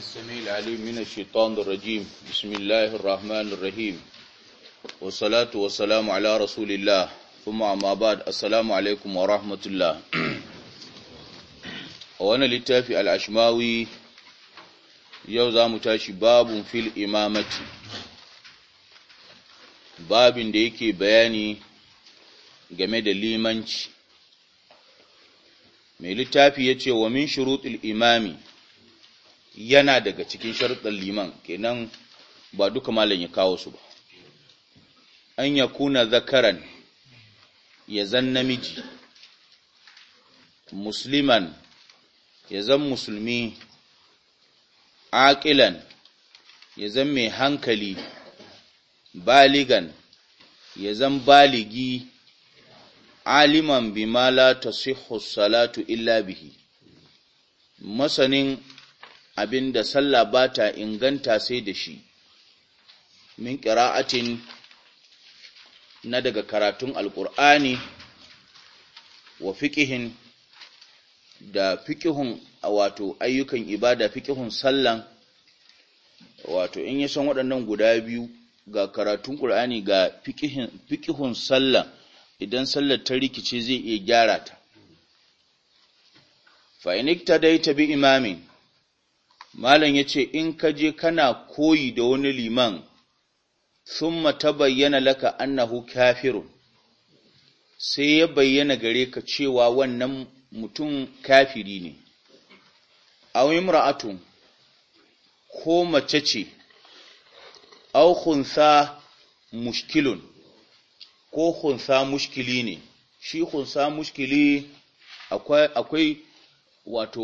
السميع العليم من الشيطان الرجيم بسم الله الرحمن الرحيم والصلاة والسلام على رسول الله ثم أما بعد السلام عليكم ورحمة الله وانا لتافي الأشماوي يوزا متاشي باب في الإمامة باب ديكي بياني game da limanci mai littafi ya ce wa min shuruɗul imami yana daga cikin sharuɗin liman kenan ba duka malam ya kawo su ba an ya kuna zakaran ya zan namiji musliman ya zan musulmi aƙilan ya zan mai hankali baligan ya zan baligi aliman ma la tasihhu salatu illa bihi masanin abin da sallah ba ta inganta sai da shi min ƙira'atin na daga karatun alƙur'ani wa fiƙihin da fiƙihun wato ayyukan ibada fiƙihun sallan wato in yi son waɗannan guda biyu ga karatun ƙur'ani ga fiƙihun sallan idan sallar ta rikice zai iya gyara ta fa'inik ta dai ta bi imamin Malam ya ce, In ka je kana koyi da wani liman, sun mata bayyana laka annahu kafirun, sai ya bayyana gare ka cewa wannan mutum kafiri ne. A wani imra'atun ko mace ce, au khunsa mushkilun, ko kunsa mushkili ne, shi kunsa mushkili akwai wato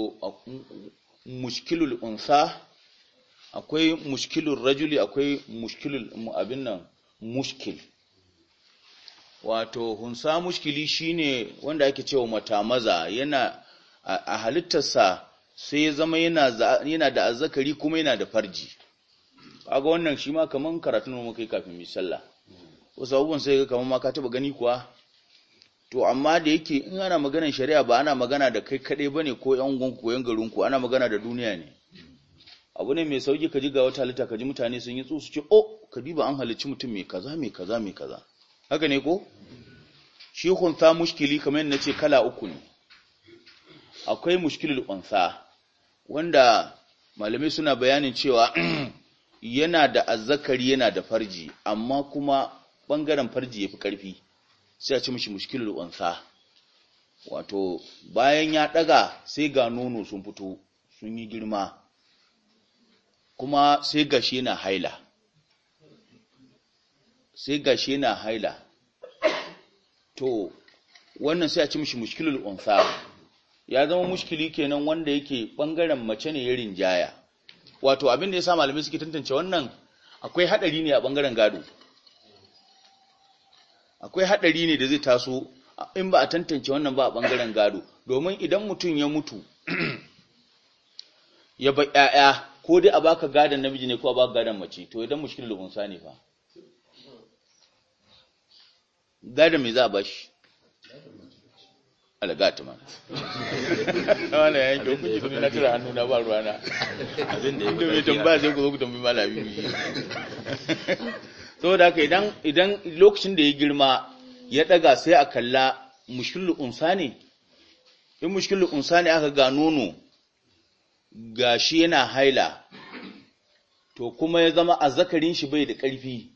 mushkilul unsa akwai mushkilul rajuli akwai mushkilul abin nan mushkil wato hunsa mushkili shine wanda ake cewa matamaza yana a halittarsa sai ya zama yana da azzakari kuma yana da farji kaga wannan shi ma kaman karatun mu kai kafin misalla sallah wasu abubuwan sai ga kaman ma ka taba gani kuwa to amma da yake in ana maganar shari'a ba ana magana da kai kaɗai ba ne ko ‘yan gunku ko ‘yan garinku ana magana da duniya ne abu ne mai sauki ka ji ga wata halitta ka ji mutane sun yi tso su ce o oh, ka an halicci mutum mai kaza mai kaza mai kaza haka ne ko shi kunsa mushkili kamar yadda ce kala uku ne akwai mushkilul kunsa wanda malamai suna bayanin cewa yana da azzakari yana da farji amma kuma bangaren farji yafi karfi sai a ci mishi mushkilul unsa wato bayan ya daga sai ga nono sun fito sun yi girma kuma sai gashi na haila sai gashi na haila to wannan sai a ci mishi mushkilul unsa ya zama mushkili kenan wanda yake bangaren mace ne ya rinjaya wato abin da ya sa malamai suke tantance wannan akwai hadari ne a bangaren gado akwai haɗari ne da zai taso in ba a tantance wannan ba a ɓangaren gado domin idan mutum ya mutu ya ba ƴaƴa ko dai a baka gadon namiji ne ko a baka gadon mace to idan mushkil lunsa ne fa gadon me za a bashi alagata ma wala yayin yanke hukunci sun na tura hannu na ba ruwana abin da ya sai ku zo ku tambayi malami da haka idan idan lokacin da ya girma ya daga sai a kalla mushkilu unsa ne in mushkilu unsa ne aka ga nono gashi yana haila to kuma ya zama azzakarin shi bai da ƙarfi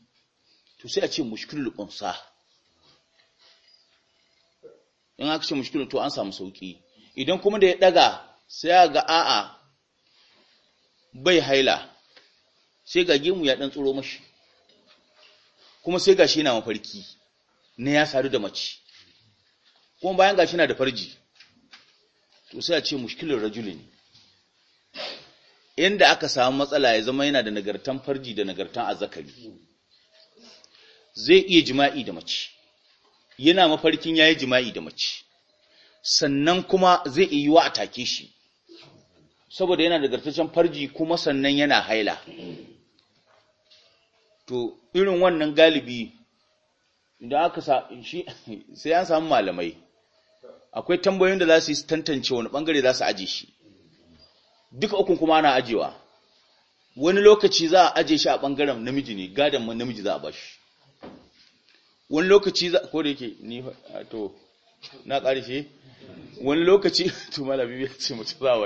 to sai a ce mushkilu unsa in aka ce mushkilu to an samu sauki idan kuma da ya daga sai a ga a'a bai haila sai ga gemu ya dan tsoro mashi kuma sai gashi yana mafarki na ya sadu da mace kuma bayan gashi yana da farji to sai a ce mushkilar rajuli ne inda aka samu matsala ya zama yana da nagartan farji da nagartan azzakari zai iya jima'i da mace yana mafarkin yayi jima'i da mace sannan kuma zai iya yi wa atake shi saboda yana da gartaccen farji kuma sannan yana haila to irin wannan galibi da aka sa shi sai an samu malamai akwai tambayoyin da za su yi tantance wani bangare za su aje shi duka ukun kuma ana ajewa wani lokaci za a aje shi a bangaren namiji ne gadan namiji za a bashi wani lokaci za ko da yake ni to na karshe wani lokaci to malabi ya ce mace za a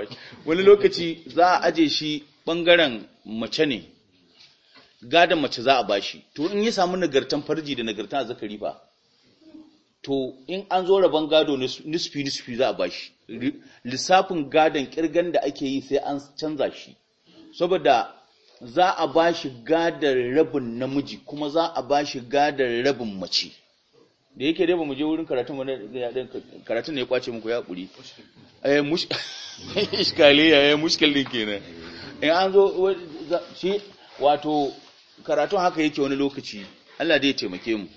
wani lokaci za a aje shi bangaren mace ne gadon mace za a bashi to in ya samu nagartan farji da nagartan azzakari ba to in an zo rabon gado nisfi nisfi za a bashi lissafin gadon kirgan da ake yi sai an canza shi saboda za a bashi gadon rabin namiji kuma za a bashi gadon rabin mace da yake dai ba mu je wurin karatun wani karatun ne ya kwace muku ya kuri eh mush iskaliya eh kenan in an zo shi wato karatun haka yake wani lokaci Allah dai ya taimake mu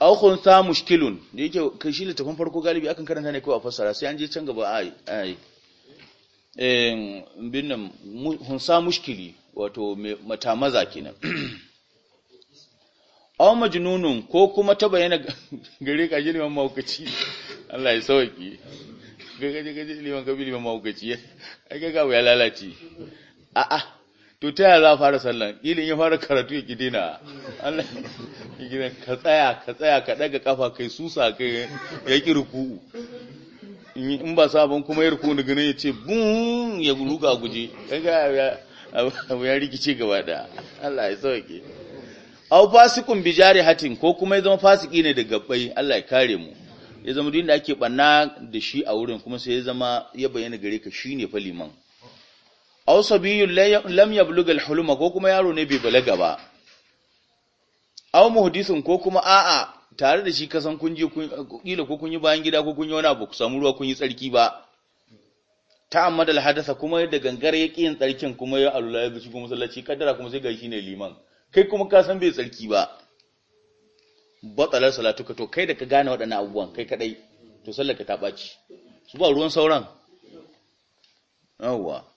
aukun sa mushkilun da yake kai shi littafin farko galibi akan karanta ne kawai a fassara sai an je can gaba ai ai eh binnan hun sa mushkili wato mata maza kenan aw majnunun ko kuma ta bayyana gare ka jini mamma hukaci Allah ya sauki gaje gaje liman kabili mamma hukaci ai ga ga ya lalace a a to ta yaya za a fara sallan ilin ya fara karatu ya gidina ka tsaya ka tsaya ka daga kafa kai susa kai ya ki ruku'u in ba sabon kuma ya ruku'u daga nan ya ce bun ya ruka guje kaga abu ya rikice gaba da Allah ya sauke au fasikun bi hatin ko kuma ya zama fasiki ne da bai Allah ya kare mu ya zama duk da ake banna da shi a wurin kuma sai ya zama ya bayyana gare ka shine fa liman aw sabiyun lam yablugha al-huluma ko kuma yaro ne bai balaga ba aw muhdisun ko kuma a'a tare da shi kasan kun je kila ko kun yi bayan gida ko kun yi wani abu ku samu ruwa kun yi tsarki ba ta'ammada al-hadatha kuma da gangare yake yin tsarkin kuma ya alula ya bici kuma sallaci kaddara kuma sai ga shi ne liman kai kuma ka san bai tsarki ba batalar ka to kai da ka gane waɗannan abubuwan kai kadai to sallar ka ta ɓaci su ba ruwan sauran yawwa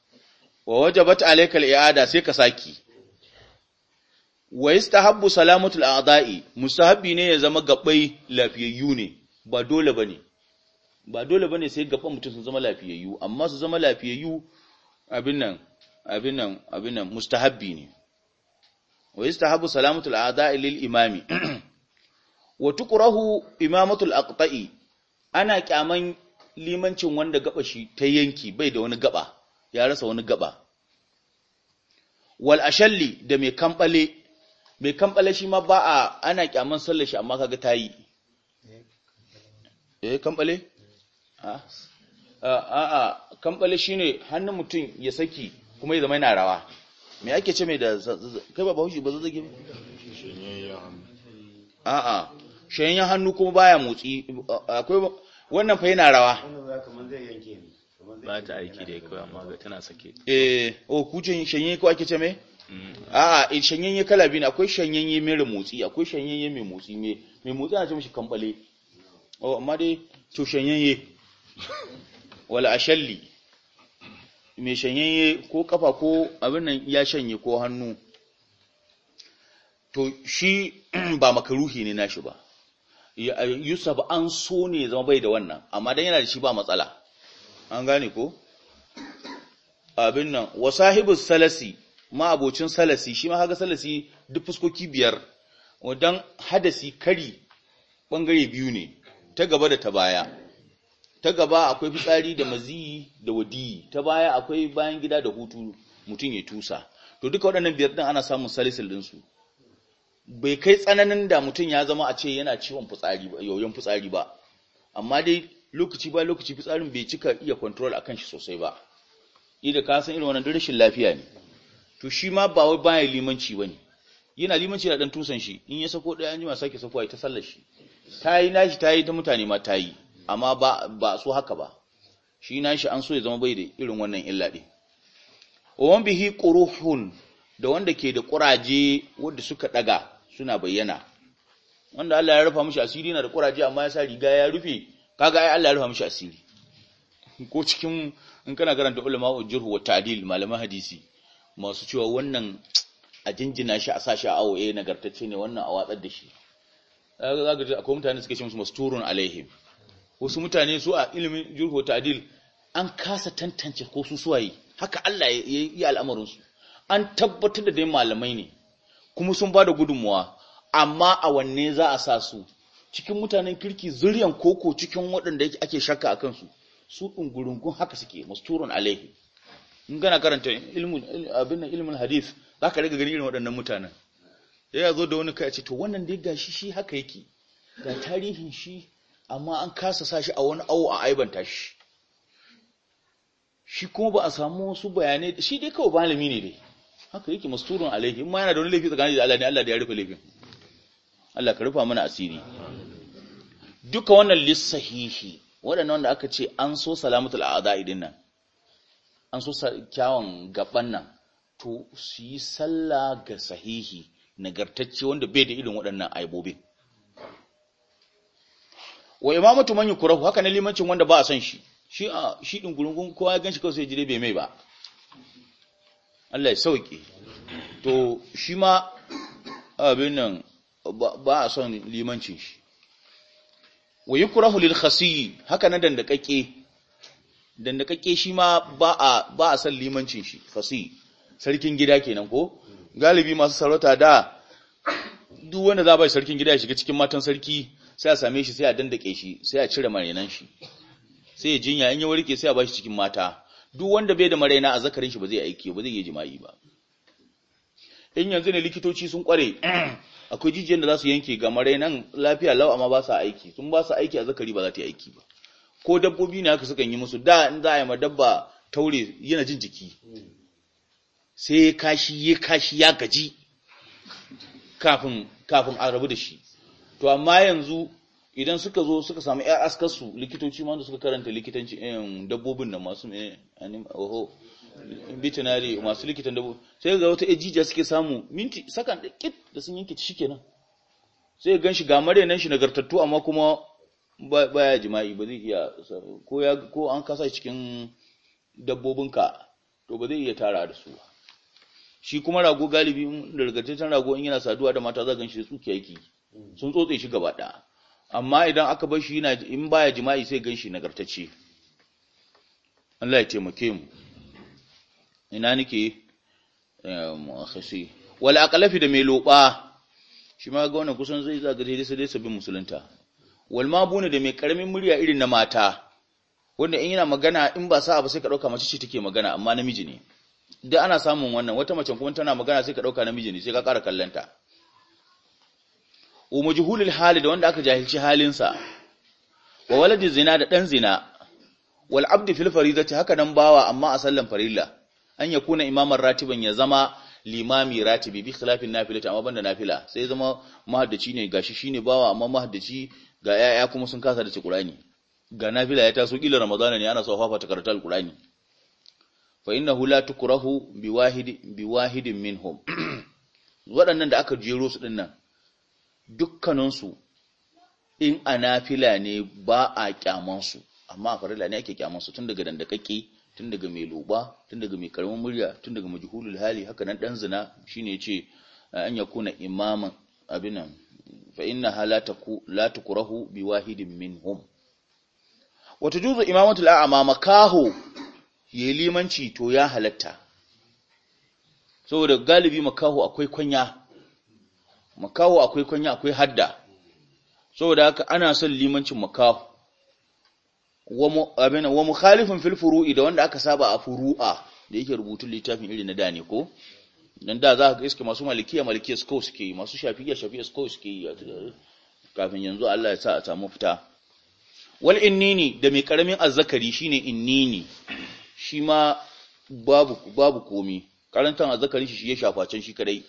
wa wajabat alaykal i'ada sai ka saki wa yastahabbu salamatul a'da'i musahabi ne ya zama gabbai lafiyayyu ne ba dole bane ba dole bane sai gabban mutum sun zama lafiyayyu amma su zama lafiyayyu abin nan abin nan abin nan mustahabbi ne wa yastahabbu salamatul a'da'i lil imami wa tuqrahu imamatul aqta'i ana kyaman limancin wanda gaba shi ta yanki bai da wani gaba ya rasa wani gaba wal ashalli da mai kamɓale, mai kamɓale shi ma ba a ana kyaman sallar shi amma kaga ta tayi eh kamɓale? a ah, a ah, ah, kamɓale shi ne hannun mutum ya saki kuma ya zama yana rawa me ake ce mai da kai ba bahushi ba zazzage ba a a shayen hannu kuma baya motsi akwai wannan fa yana rawa Wannan ba ta aiki da kawai amma ga tana sake eh oh kuje shanye ko ake ce me mm. a in eh, shanye kala biyu akwai shanye mai motsi akwai shanye mai motsi ne? mai motsi ana ce mishi kambale oh amma dai to shanye wala ashalli mai shanye ko kafa ko abin nan ya shanye ko hannu to shi ba makaruhi ne nashi ba Yusuf an so ne zama bai da wannan amma dan yana da shi ba matsala an gane ko abin nan wa sahibus salasi ma abocin salasi shi ma haga salasi duk fuskoki biyar wadan hadasi kari bangare biyu ne ta gaba da ta baya ta gaba akwai fitsari da maziyi da wadiyi ta baya akwai bayan gida da hutu mutum ya tusa to duka waɗannan biyar din ana samun salisil ɗinsu. bai kai tsananin da mutum ya zama a ce yana ciwon fitsari fitsari ba amma dai lokaci ba lokaci fitsarin bai cika iya control akan shi sosai ba idan ka san irin wannan duk rashin lafiya ne to shi ma ba wai baya limanci bane yana limanci da dan tusan shi in ya sako daya anjima sake sako ai ta sallar shi tayi nashi tayi ta mutane ma tayi amma ba ba so haka ba shi nashi an so ya zama bai da irin wannan illa din wan bihi quruhun da wanda ke da kuraje wanda suka daga suna bayyana wanda Allah ya rufa mishi asiri na da kuraje amma ya sa riga ya rufe kaga ai Allah ya rufa mishi asiri ko cikin in kana karanta ulama ujurhu wa ta'dil malaman hadisi masu cewa wannan a jinjina shi a sashi a awoye eh, nagartacce ne wannan a watsar da shi kaga zaka ji akwai mutane suke cewa masu masturun alaihim wasu mutane su a ilimin jurhu wa ta'dil an kasa tantance ko su suwaye haka Allah ya yi al'amarin su an tabbatar da dai malamai ne kuma sun ba da gudunmuwa amma a wanne za a sa su cikin mutanen kirki zuriyan koko cikin waɗanda ake shakka a su su ɗungurungun haka suke masturun alaihi in gana karanta abin nan ilmin hadith za ka daga gani irin waɗannan mutanen ya zo da wani kai ce to wannan da ya gashi shi haka yake ga tarihin shi amma an kasa sa shi a wani awo a aibanta shi shi kuma ba a samu wasu bayanai shi dai kawai malami ne dai haka yake masturun alaihi in ma yana da wani laifi tsakanin da Allah ne Allah da ya rufe laifin Allah ka rufa mana asiri duka wannan lissahihi waɗannan wanda aka ce an so salamatul a'da'i nan an so kyawun gaban nan to su yi sallah ga sahihi nagartacce wanda bai da irin waɗannan aibobin wa imamatu man yukrahu haka ne limancin wanda ba a san shi shi a shi din gurungun kowa ya ganshi kawai sai jire bai mai ba Allah ya sauke to shi ma abin nan ba a son limancin shi wa yukrahu lil khasi haka nan dandakake dandakake shi ma ba a ba a san limancin shi fasi sarkin gida kenan ko galibi masu sarauta da duk wanda za ba shi sarkin gida ya shiga cikin matan sarki sai a same shi sai a dandake shi sai a cire marainan shi sai ya jinya in ya warke sai a ba shi cikin mata duk wanda bai da maraina a zakarin shi ba zai aiki ba zai yi jima'i ba in yanzu ne likitoci sun kware mm. akwai jijiyan da za su yanke ga marai nan lafiya lau amma ba sa aiki sun ba sa aiki a zakari ba za ta yi aiki ba ko dabbobi ne haka suka yi musu da in za a yi ma dabba taure yana jin jiki sai ya kashi ya kashi ya gaji kafin kafin a rabu da shi to amma yanzu idan suka zo suka samu ƴar askarsu likitoci ma da suka karanta likitanci dabbobin nan masu eh veterinary masu likitan dabbobi sai ga wata ejijiya suke samu minti sakan da da sun yanke shi kenan sai gan shi ga nan shi nagartattu amma kuma baya jima'i ba zai iya ko ya ko an kasa cikin dabbobinka to ba zai iya tara da su shi kuma rago galibi da nagartaccen rago in yana saduwa da mata za ganshi da tsuke yake sun tsotse shi gaba ɗaya amma idan aka bar shi yana in baya jima'i sai gan shi nagartacce Allah ya taimake mu ina nake eh, mu'akhisi wal aqlafi da mai loba shi ma ga wannan kusan zai zaga dai sai dai sabbin musulunta wal mabuna da mai karamin murya irin na mata wanda in yana magana in ba sa ba sai ka dauka mace ce take magana amma namiji ne duk ana samun wannan wata mace kuma tana magana sai ka dauka namiji ne sai ka ƙara kallanta wa majhulul hali da wanda aka jahilci halinsa wa waladi zina da dan zina wal abdi fil faridati haka nan bawa amma a sallan farilla an ya kuna imaman ratiban ya zama limami ratibi bi khilafin nafila amma banda nafila sai zama mahaddaci ne gashi shine bawa amma mahaddaci ga yaya kuma sun kasa da ci Qur'ani ga nafila ya taso kila ramadana ne ana so ta karatu al-Qur'ani fa innahu la tukrahu bi wahid bi wahidin minhum waɗannan da aka jero su dinnan dukkanin su in a nafila ne ba a kyaman amma a farilla ne ake kyaman su tun daga dandakakke tun daga mai loba tun daga mai karamin murya tun daga majhulul hali haka nan dan zina shine yace an kuna imaman abinan fa innaha la taku la tukrahu bi wahidin minhum wa tujuzu imamatu al'ama makaho yayi limanci to ya halatta saboda galibi makaho akwai kunya makaho akwai kunya akwai hadda saboda haka ana son limancin makaho wa mukhalifin fil furu'i da wanda aka saba a furu'a da yake rubutun littafin irin na da ko dan da za ka iske masu malikiya malikiya sko suke masu shafiya shafiya sko suke yi kafin yanzu Allah ya sa a samu fita wal innini da mai karamin azzakari shine innini shi ma babu babu komi karantan azzakari shi ya shafa can shi kadai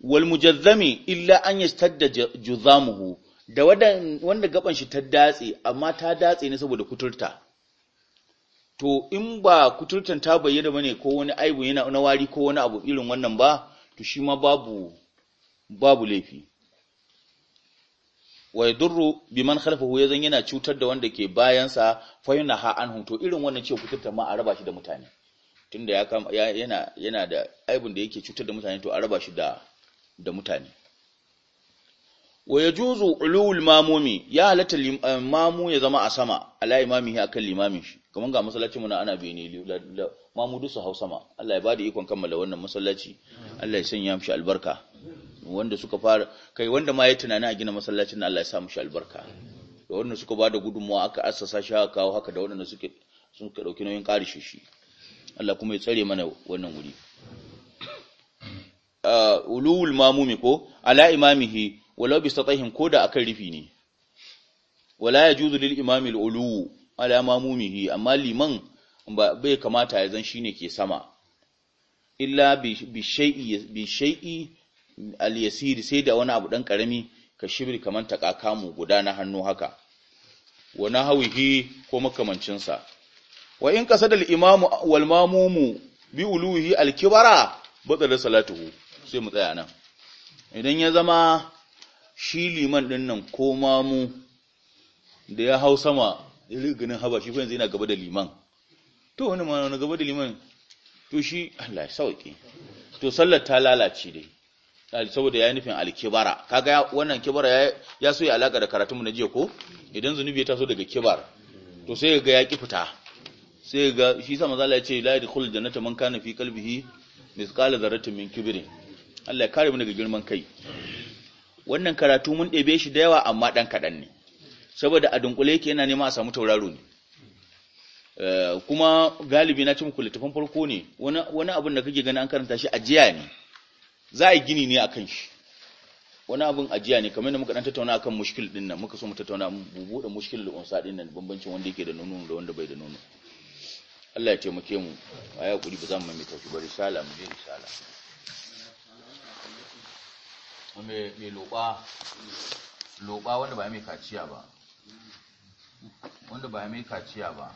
wal mujazzami illa an yastadda juzamuhu da wanda gaban shi ta datse amma ta datse ne saboda kuturta to in ba kuturtan ta bayyana bane ko wani aibu yana na wari ko wani abu irin wannan ba to shi ma babu babu laifi wa yadurru biman khalfahu yazan yana cutar da wanda ke bayansa fa yana ha anhu to irin wannan ce kuturta ma a raba shi da mutane tunda ya yana yana da aibun da yake cutar da mutane to a raba shi da da mutane wa yajuzu ulul mamumi ya halatta eh, mamu ya zama a sama ala ya kan limamin shi kaman ga masallacin mu na ana bene mamu dusu hau sama Allah ya bada ikon kammala wannan masallaci Allah ya sanya mishi albarka wanda suka fara kai wanda ma ya tunani a gina masallacin Allah ya sa mishi albarka da wanda suka bada gudunmuwa aka assasa shi aka kawo haka da wanda suke sun ka dauki nauyin karishe shi Allah kuma ya tsare mana wannan wuri ah, ulul mamumi ko ala imamihi walau bi ko da akan rufi ne wala yajuzu lil imami al ulu ala mamumihi amma liman bai kamata ya zan shine ke sama illa bi shay'i al yasir sai da wani abu dan karami ka shibir kaman mu guda na hannu haka wa hawihi ko makamancin sa wa in qasada al imamu wal mamumu bi uluhi al kibara batala salatuhu sai mu tsaya nan idan ya zama shi liman ɗin nan ko mamu da ya hau sama ya ganin haba shi yanzu yana gaba da liman to wani ma na gaba da liman to shi Allah ya sauke to sallar ta lalace dai saboda ya nufin alkibara kaga wannan kibara ya so ya alaka da karatunmu na jiya ko idan zunubi ya taso daga kibar to sai ga ya ki fita sai ga shi sa manzo Allah ya ce la kula jannata man kana fi qalbihi mithqala dharratin min kibirin Allah ya kare mu daga girman kai wannan karatu mun ɗebe shi da yawa amma ɗan kaɗan ne saboda a dunkule yake yana nema a samu tauraro ne eh, kuma galibi na ci muku littafin farko ne wani abin da kake gani an karanta shi ajiya ne za a yi gini ne a kan shi wani abin ajiya ne kamar da muka ɗan tattauna akan mushkil ɗin nan muka so mu tattauna mu buɗe mushkil da unsa ɗin nan bambancin wanda yake da nono da wanda bai da nono Allah ya taimake mu a yau yaƙuri ba za mu mai tafi ba risala mu je risala mai loba loba wanda ba mai kaciya mai kaciya ba